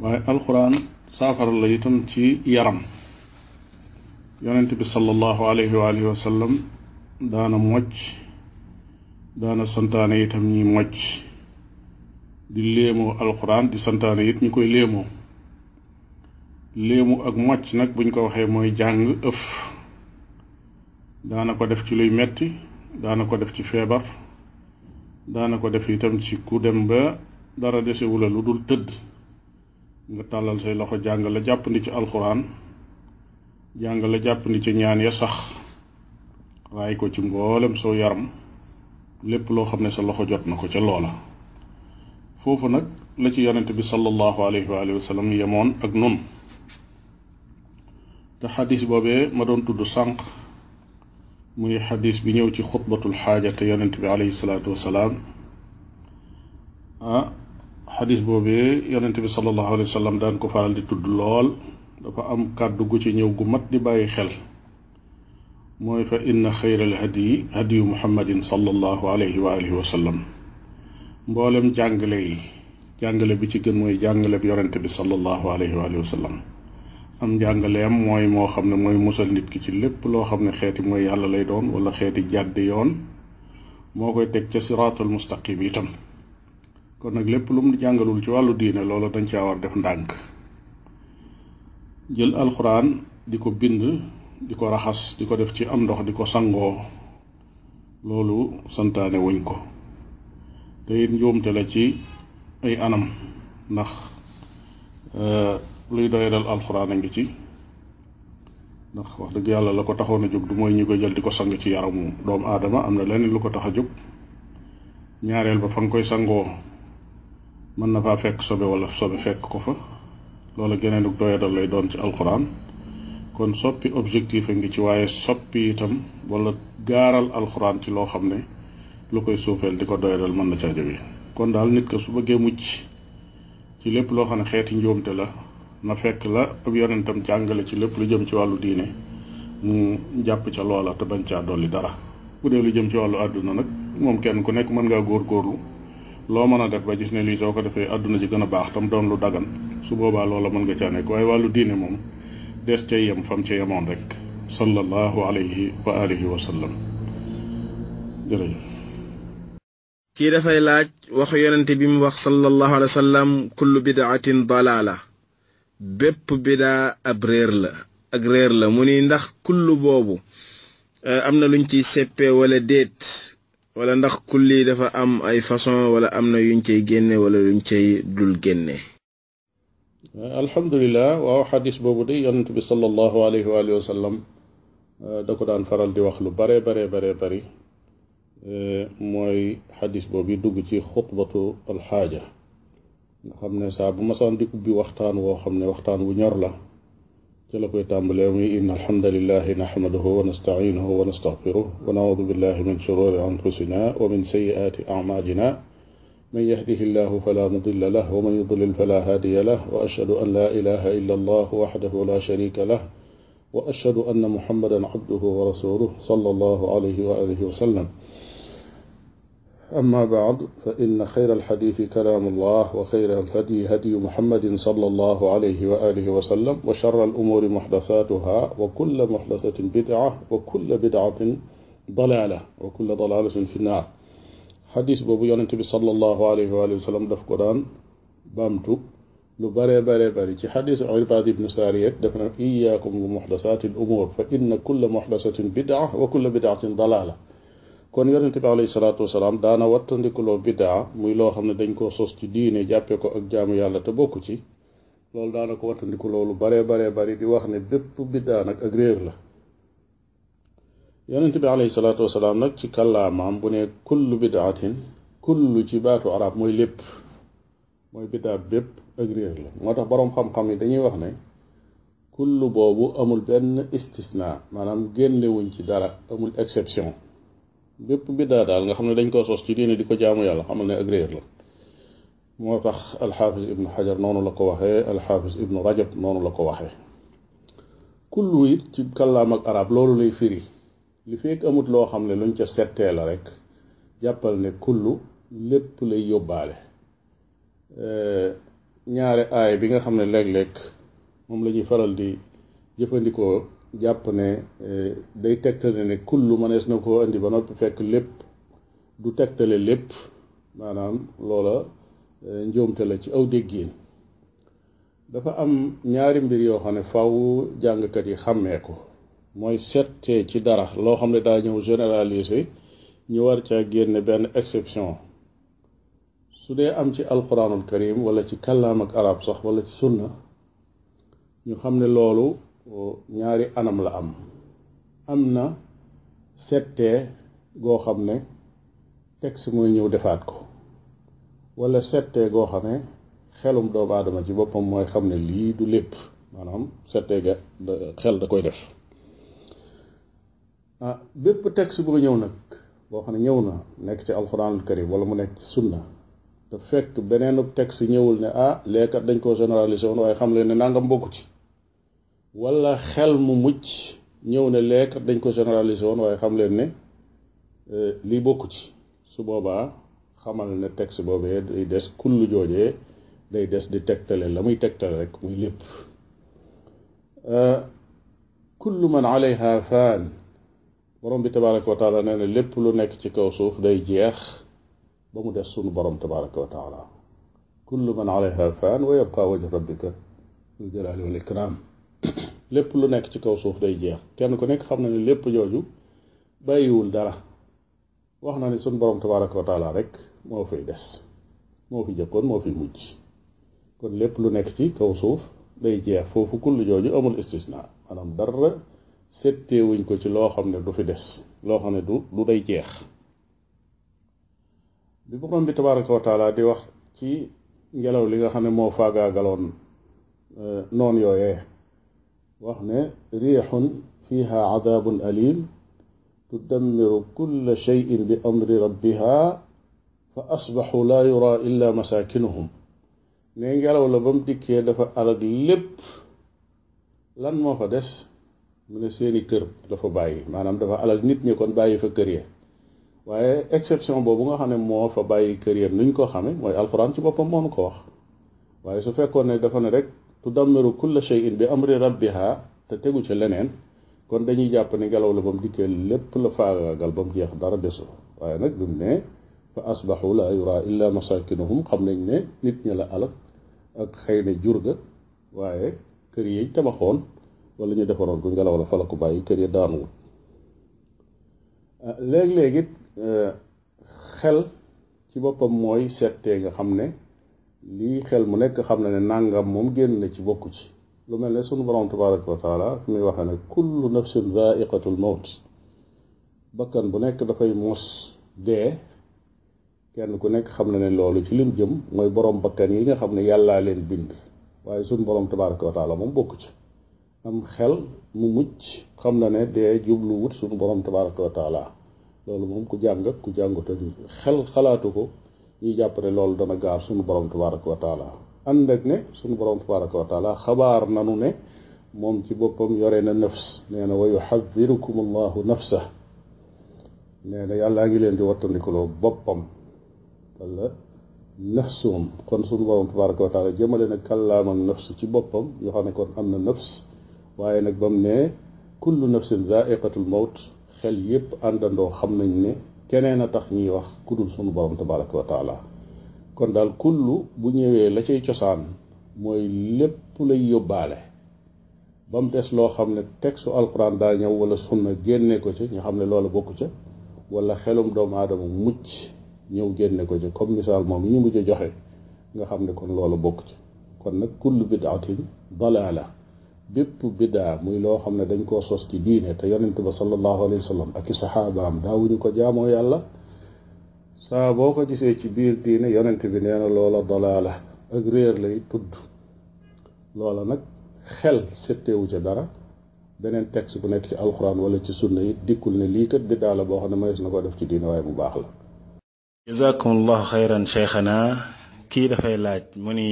waaye alxuraan saafara la itam ci yaram yonent bi sallallahu alayhi wa alihi wa daana mocc daana santaane itam ñi mocc di léemoo alxuraan di santaane it ñu koy léemoo léemu ak mocc nag buñ ko waxee mooy jàng ëf daana ko def ci luy metti daana ko def ci feebar daana ko def itam ci ku dem ba dara desewula lu dul tëdd nga tàllal say loxo jàng la jàppandi ci alxuraan jàng la jàppandi ci ñaan ya sax raay ko ci mboolem soo yaram lépp loo xam ne sa loxo jot na ko ca loola foofu nag la ci yonente bi sallallahu alayhi wa yemoon ak nun te xadis boobee ma doon tudd sànq muy xadis bi ñëw ci xutbatul xaaja te yonent bi alayhi salaatu wasalaam ah xadis boobee yonent bi sallallahu alayhi wa daan ko faral di tudd lool dafa am kàddu gu ci ñëw gu mat di bàyyi xel mooy fa inna xayral hadiyi hadiyu muhammadin sallallahu alayhi wa alihi mboolem jàngale yi jàngale bi ci gën mooy jàngale bi yonent bi sallallahu alayhi wa alihi wa am njàngaleem mooy moo xam ne mooy mosal nit ki ci lépp loo xam ne xeeti mooy yàlla lay doon wala xeeti jàdd yoon moo koy teg ca siraatul mustaqim itam kon nag lépp lu mu jàngalul ci wàllu diine loolu dañ caa war def ndànk jël alxuraan di ko bind di ko raxas di ko def ci am ndox di ko sangoo loolu santaane wuñ ko te njuumte la ci ay anam ndax euh, luy doyadal alxuraan a ngi ci ndax wax dëgg yàlla la ko taxoon a jóg du mooy ñi koy jël di ko sang ci yaramu doomu aadama am na leneen lu ko tax a jóg ñaareel ba fa nga koy sangoo mën na faa fekk sobe wala sobe fekk ko fa loola geneenuk doyadal lay doon ci alxuraan kon soppi objectif a ngi ci waaye soppi itam wala gaaral alxuraan ci loo xam ne lu koy suufeel di ko doyadal mën na caa jóge kon daal nit ko su bëggee mucc ci lépp loo xam ne xeeti njuumte la na fekk la ab yonentam jàngale ci lépp lu jëm ci wàllu diine mu jàpp ca loola te bañ caa dolli dara bu dee lu jëm ci wàllu àdduna nag moom kenn ku nekk mën ngaa góorgóorlu loo mën a def ba gis ne lii soo ko defee àdduna ji gën a baax tam doon lu dagan su boobaa loola mën nga caa nekk waaye wàllu diine moom des ca yem fam ca yemoon rek sallallahu alayhi wa alihi wa sallam jërëjëf kii dafay laaj wax yonente bi mu wax sallallahu alayhi wa sallam kullu bidaatin dalaala bépp bidaa ab réer la ak réer la mu ni ndax kull boobu euh, am na lu luñ ciy seppe wala déet wala ndax kulli dafa am ay façon wala am na yuñ ciy génne wala luñ cay dul génne euh, alhamdulilah waaw xadis boobu de yonent bi sallallahu alayhi euh, da ko daan faral di wax lu bare bare bare bari mooy xadis boobu dugg ci xutbatu alxaaja nga xam ne saa bu masaan di ubbi waxtaan woo xam ne waxtaan wu ñor la ci la koy tàmbalee muy inna alhamdulilahi nahmaduhu wa nastainuhu wa nastaghfiruh wa naudu billahi min shururi anfusina wa min sayyiati a'malina man yahdihi llahu fala mudilla lah wa man yudlil fala hadiya lah wa ashhadu an la ilaha illa allah wahdahu la sharika lah wa ashhadu anna muhammadan abduhu wa rasuluh sallallahu alayhi wa alihi wa sallam أما بعد فإن خير الحديث كلام الله وخير الهدي هدي محمد صلى الله عليه وآله وسلم وشر الأمور محدثاتها وكل محدثة بدعة وكل بدعة ضلالة وكل ضلالة في النار xadis boobu yonent bi sallallahu alayhi wa sallam daf ko daan baamtu lu bare bare bari ci xadis Irbaad ibn Saariyat daf na iyaakum wa muxdasaati l umuur fa inna kulla muxdasatin bidaa wa kulla bidaatin dalaala kon yonente bi alayhi salaatu wasalaam daana wattandikuloo biddaa muy loo xam ne dañ koo soos ci diine jàppe ko ak jaamu yàlla te bokku ci loolu daana ko wattandiku lu baree baree bari di wax ne bépp biddaa nag ak réer la yonente bi alayhi salaatu wasalaam nag ci kàllaamaam bu ne kullu bidaatin kullu ci baatu arab mooy lépp mooy biddaa bépp ak réer la moo tax boroom xam-xam yi dañuy wax ne kullu boobu amul benn istisna maanaam génnewuñ ci dara amul exception bépp biddaa daal nga xam ne dañ koo sos ci diine di ko jaamu yàlla xamal ne ak réer la moo tax alxaafis ibnu xajar noonu la ko waxee alxaafis ibnu rajab noonu la ko waxee kullu it ci kàllaam ak arab loolu lay firi li fekk amut loo xam ne luñ ca settee la rek jàppal ne kullu lépp lay yóbbaale ñaari aay bi nga xam ne léeg-léeg moom lañuy faral di jëfandikoo jàpp ne eh, day tegtale ne kullu mënees na koo indi ba noppi fekk lépp du tegtale lépp maanaam loola eh, njuumte ci aw déggin dafa am ñaari mbir yoo xam ne faw jàngkat yi xàmmee ko mooy settee ci dara loo xam ne daa ñëw généraliser ñu war caa génne benn exception su dee am ci alquranul karim wala ci kàllaam ak arab sax wala ci sunna ñu xam ne loolu ñaari anam la am am na settee goo xam ne texte mooy ñëw defaat ko walla settee goo xam ne xelum doomu aadama ci boppam mooy xam ne lii du lépp maanaam settee ga xel da koy def ah bépp texte boo ñëw nag boo xam ne ñëw na nekk ci alxuraanul karim wala mu nekk ci sunna te fekk beneenub texte ñëwul ne ah léekat dañ koo généraliser woon waaye xam leen ne nangam bokku ci wala xel mu mucc ñëw ne lekk dañ ko généraliser woon waaye xam leen ne euh, lii bokk ci su boobaa xamal ne texte boobee day des kullu joojee day des di tegtale la muy tegtale rek muy lépp euh, kullu man alayha faan borom bi tabaraka wa taala nee na lépp lu nekk ci kaw suuf day jeex ba mu des sunu borom tabaraka wa taala kullu man alayha faan wa yabqa wajhu rabbika dul jalaali wal ikram lépp lu nekk ci kaw suuf day jeex kenn ku nekk xam na ne lépp jooju bàyyiwul dara wax na ne suñ borom tabaraka wa taala rek moo fiy des moo fi jëkkoon moo fi mujj kon lépp lu nekk ci kaw suuf day jeex foofu kull jooju amul istisna maanaam dara setteewuñ ko ci loo xam ne du fi des loo xam ne du du day jeex bi borom bi tabaraka wa di wax ci ngelaw li nga xam ne moo faagaagaloon euh, noon yooyee wax ne riixun fiha adabun alim tudammiru kulla cheyin bi amri rabbiha fa asbaxu laa yura illa masaakinuhum ne ngelaw la ba mu dikkee dafa alag lépp lan moo fa des mu ne seeni kër dafa bàyyi maanaam dafa alag nit ñi kon bàyyi fa kër yi waaye exception boobu nga xam ne moo fa bàyyi kër ya nuñ ko xame mooy alxuraan ci boppam moo nu ko wax waaye su fekkoon ne dafa ne rek tudammiru kulla shay'in bi amri rabbiha te tegu ci leneen kon dañuy jàpp ni ngelaw la ba mu dikkee lépp la faagaagal ba mu jeex dara desu waaye nag bi mu ne fa asbaxu la yura illa masakinuhum xam nañ ne nit ñi la alak ak xëy na jur ga waaye kër yi tabaxoon wala ñu defaroon ko ngelaw la fa la ko bàyyi kër yi daanuwut ah, léeg-léeg eh, xel ci boppam mooy settee nga xam ne lii xel mu nekk xam na ne nàngam moom génn na ci bokk ci lu mel ne sunu borom tabaraka muy taala fi muy waxee ne kullu nafsin zaiqatul mawt bakkan bu nekk dafay mos dee kenn ku nekk xam na ne loolu ci lim jëm mooy borom bakkan yi nga xam ne yàllaa leen bind waaye sunu borom tabaraka wa taala moom bokku ci am xel mu mucc xam na ne dee jublu wut sunu borom tabaraka wa loolu moom ku jàng ku jàngut ak xel xalaatu ko ñu jàpp ne loolu dana gaar suñu borom tabaraka wa taala ànd ak ne suñu borom tabaraka wa taala xabaar nanu ne moom ci boppam yore na nafs nee na wa yuxadirukum allahu nafsa nee na yàllaa ngi leen di wattandikuloo boppam wala nafsum kon suñu borom tabaraka wa taala jëmale na kàllaamam nafs ci boppam yoo xam ne kon am na nafs waaye nag ba mu ne kullu nafsin zaiqatul mawt xel yépp àndandoo xam nañ ne keneen a tax ñuy wax ku dul sunu borom tabaraka wa taala kon daal kullu bu ñëwee la cay cosaan mooy lépp lay yóbbaale ba des loo xam ne textu alquran daa ñëw wala sunna génne ko ci ñu xam ne loola bokk ca wala xelum doomu aadama mucc ñëw génne ko ci comme misaal moom ñu mujj a joxe nga xam ne kon loola bokk ca kon nag kullu bidaatin la bépp bidaa muy loo xam ne dañ koo sos ci diine te yonent ba sallallahu alayhi wa sallam ak i saxaabaam daawuñu ko jaamoo yàlla saa boo ko gisee ci biir diine yonent bi nee na loola dalaala ak réer lay tudd loola nag xel settewu ca dara beneen texte bu nekk ci alxuraan wala ci sunna yi dikkul ne lii kat bidaa la boo xam ne mënees na ko def ci diine waaye bu baax la jazakumullahu xayran cheikhana kii dafay laaj mu ni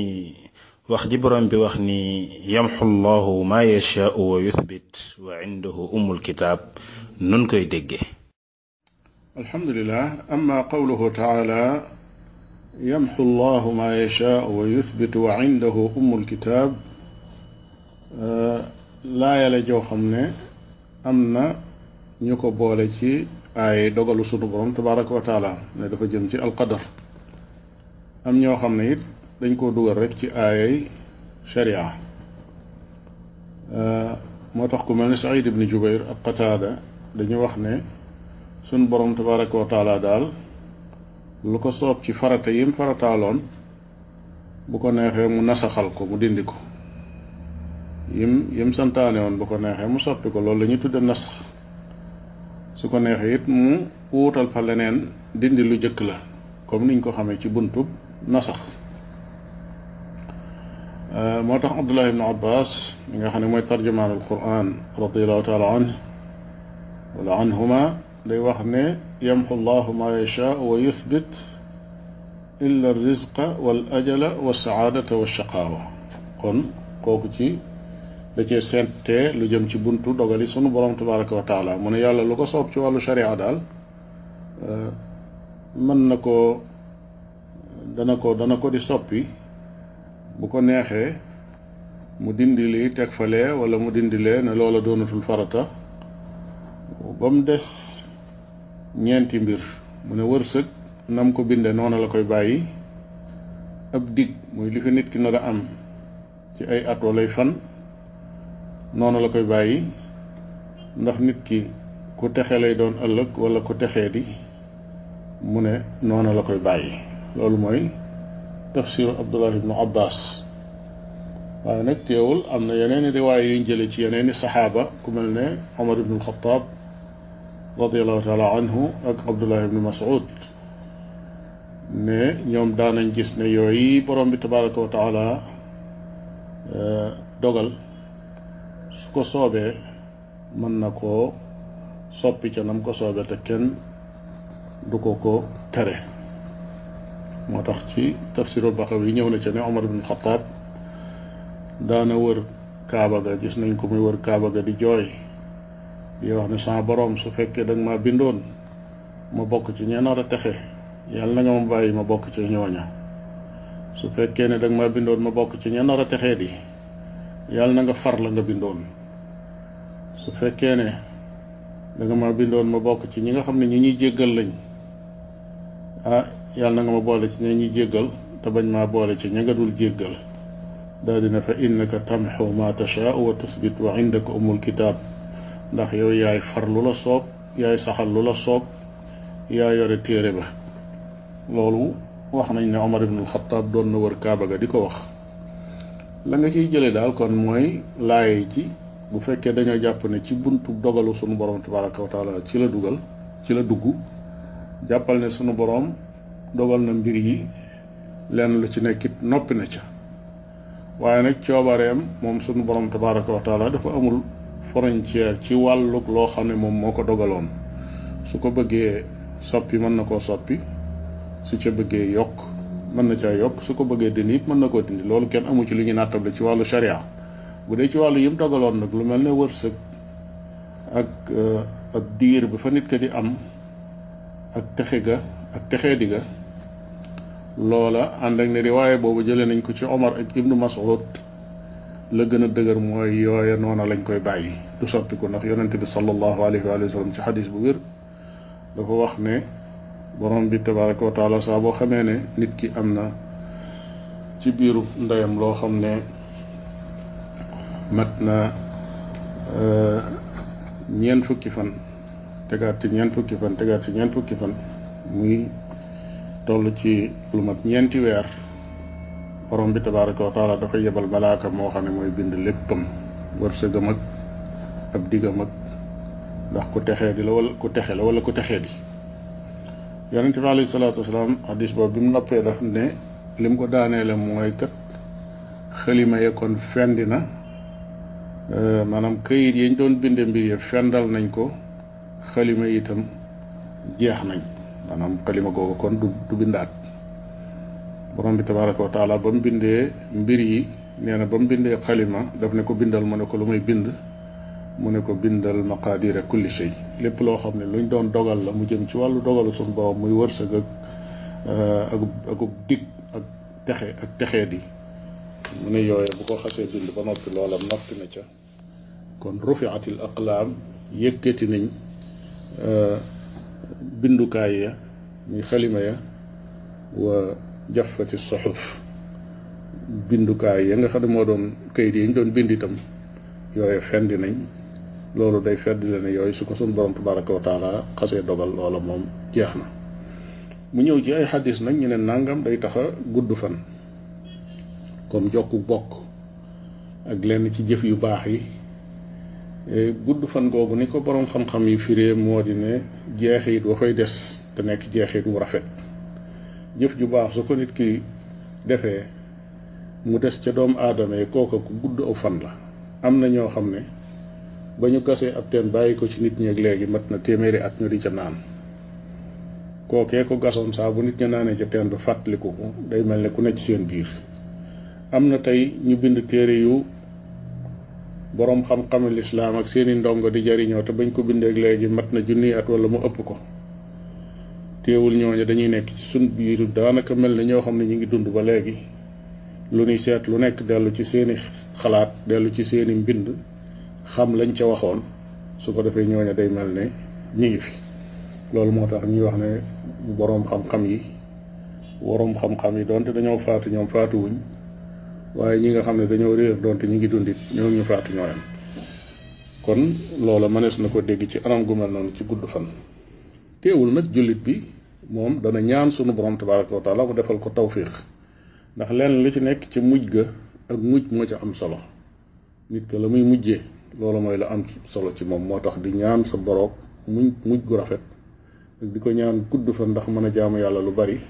wax ji borom bi wax ni yamxu llahu ma yashaau wa yuthbit wa indahu ummul kitaab nun koy dégge alhamdulilah amma qawluhu taala yamxu llahu ma yashaau wa yuthbit wa indahu ummul kitaab laaya la joo xam ne am na ñu ko boole ci ay dogalu sunu borom tabaraka wa taala ne dafa jëm ci alqadar am ñoo xam ne it dañ koo dugal rek ci aayay sharia moo tax ku mel ni ne Saïd ibn Jubayr ab Qataada dañu wax ne suñ borom tabaraka wa taala daal lu ko soob ci farata yim farataaloon bu ko neexee mu nasaxal ko mu dindi ko yim yim santaane woon bu ko neexee mu soppi ko loolu la ñuy tudde nasax su ko neexee it mu wuutal fa leneen dindi lu jëkk la comme niñ ko xamee ci buntub nasax Euh, moo tax abdullah ibnu abbas mi nga xam ne mooy tarjumaan al quran radiallahu taala anh wala anhuma day wax ne yamxu llahu ma yashaa wa yuthbit illa rizqa wal ajala wa saadata wa shaqaawa kon kooku ci da cee seentee lu jëm ci buntu dogali sunu borom tabaraka wa taala mu ne yàlla lu ko soob ci wàllu sharia daal euh, mën na ko dana ko dana ko di soppi bu ko neexee mu dindi lii teg falee wala mu dindi lee ne loola doonatul farata ba mu des ñeenti mbir mu ne wërsëg nam ko binde noonu la koy bàyyi ab digg muy li fi nit ki nar a am ci ay at walay fan noonu la koy bàyyi ndax nit ki ku texe lay doon ëllëg wala ku texee di mu ne noona la koy bàyyi loolu mooy tafsiru abdullah ibnu abbas waaye nag teewul am na yeneeni riwaay yuñ jële ci yeneeni saxaaba ku mel ne omar ibnu alxataab radiallahu taala anhu ak abdullah ibnu masud ne ñoom daanañ gis ne yooyu borom bi tabaraka wa e, dogal su ko soobee mën na koo soppi ca nam ko soobee te kenn du ko ko tere moo tax ci tafsirul Baxawi ñëw na ca ne Omar ibn Xataab daana wër Kaaba ga gis nañ ko muy wër Kaaba ga di jooy di wax ne sa boroom su fekkee danga ma bindoon ma bokk ci ñeenar a texe yàlla na nga ma ma bokk ci ñooña su fekkee ne danga ma bindoon ma bokk ci ñeenar a texee di yàlla na nga far la nga bindoon su fekkee ne danga ma bindoon ma bokk ci ñi nga xam ne ñi ñuy jéggal lañ ah yàlla nga ma boole ci ña ñuy jéggal te bañ maa boole ci ña nga dul jéggal daal dina fa innaka tamxu ma tashaa wa wa ndax yow yaay far lu la yaay saxal lu la yaa yore téere ba loolu wax nañ ne Omar ibn al doon na wër Kaaba ga di ko wax la nga ciy jële daal kon mooy laay ci bu fekkee dañoo jàpp ne ci buntu dogalu sunu borom tabaraka wa taala ci la dugal ci la dugg jàppal ne sunu borom dogal na mbir yi lenn lu ci nekkit noppi na ca waaye nag coobareem moom sunu borom tabaraka wa dafa amul frontière ci wàllug loo xam ne moom moo ko dogaloon su ko bëggee soppi mën na koo soppi su ca bëggee yokk mën na caa yokk su ko bëggee dindi it mën na koo dindi loolu kenn amu ci lu ñuy nattable ci wàllu sharia bu dee ci wàllu yim dogaloon nag lu mel ne wërsëg ak euh, ak diir bi fa nit ka di am ak texe ga ak texee di ga loola ànd ak ne riwaaye boobu jëlee nañ ko ci Omar ak Ibnu Mas'ud la gën a dëgër mooy yooya noona lañ koy bàyyi du soppiku ndax yonent bi sallallahu alayhi wa sallam ci xadis bu wér dafa wax ne boroom bi tabaraka wa taala boo xamee ne nit ki am na ci biiru ndeyam loo xam ne mat na euh, ñeent fukki fan tegaat ci ñeent fukki fan tegaat ci ñeent fukki fan toll ci lu mat ñeenti weer borom bi tabaaraka wa taala dafa yebal malaaka moo xam ne mooy bind léppam wërsëgam ak ab digam ak ndax ku texe di la wala ku texe la wala ku texee di yonente bi alayhi salaatu wasalaam hadis boobu bi mu noppee daf ne li mu ko daaneele mooy kat xalima ya kon fendi na euh, maanaam këyit yañ doon binde mbir ya fendal nañ ko xalima itam jeex nañ maanaam kalima googu kon du du bindaat borom bi tabaraka wa ba mu bindee mbir yi nee na ba mu bindee xalima daf ne ko bindal mu ne ko lu may bind mu ne ko bindal maqaadira kulli shay lépp loo xam ne luñ doon dogal la mu jëm ci wàllu dogalu suñu borom muy wërsëg ak akub euh, akub dig ak texe ak texee di mu ne yooye bu ko xasee bind ba noppi loola noppi na ca kon rufiatil aqlaam yëkkati nañ euh, bindukaay ya muy xalima ya wa jaffati suxuf bindukaay ya nga xam moo doon kayit yi ñu doon bind itam yooyu fendi nañ loolu day fedd la ne yooyu su ko suñ borom tabaraka wa taala dogal loola moom jeex na mu ñëw ci ay xaddis nag ñu ne nàngam day taxa gudd fan comme jokku bokk ak lenn ci jëf yu baax yi Eh, gudd fan googu ni ko boroom xam-xam yi firee moo di ne jeexit wa fay des te nekk jeexit wu rafet jëf ju baax su ko nit ki defee mu des ca doomu aadama yi kooka ku gudd aw fan la am na ñoo xam ne ba ñu gasee ab teen bàyyi ko ci nit ñi léegi mat na téeméeri at ñu di ca naan kookee ko gasoon saa nit ña naanee ca teen ba fàttaliku ko day mel ne ku nekk ci seen biir am na tey ñu bind téere yu boroom xam-xamu lislaam ak seeni ndongo di jariñoo te bañ ko bindeek léegi mat na junniy at mu ëpp ko teewul ñooñu dañuy nekk ci suñ biir daanaka mel na ñoo xam ne ñu ngi dund ba léegi lu ñuy seet lu nekk dellu ci seeni xalaat dellu ci seeni mbind xam lañ ca waxoon su ko defee ñooñu day mel ne ñu ngi fi loolu moo tax ñuy wax ne boroom xam-xam yi boroom xam-xam yi donte dañoo faatu ñoom faatuwuñ waaye ñi nga xam ne dañoo réer donte ñi ngi dundit ñoo ñu faatu ñoo yam kon loola mënees na ko dégg ci anam gu noonu ci gudd fan teewul nag jullit bi moom dana ñaan sunu borom tabaraka wa la mu defal ko tawfiix ndax lenn li ci nekk ci mujj ga ak mujj moo ca am solo nit ko la muy mujje loola mooy la am solo ci moom moo tax di ñaan sa boroog muñ mujj gu rafet ak di ko ñaan gudd fan ndax mën a jaamu yàlla lu bari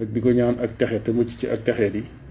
ak di ko ñaan ak texe te mucc ci ak texe di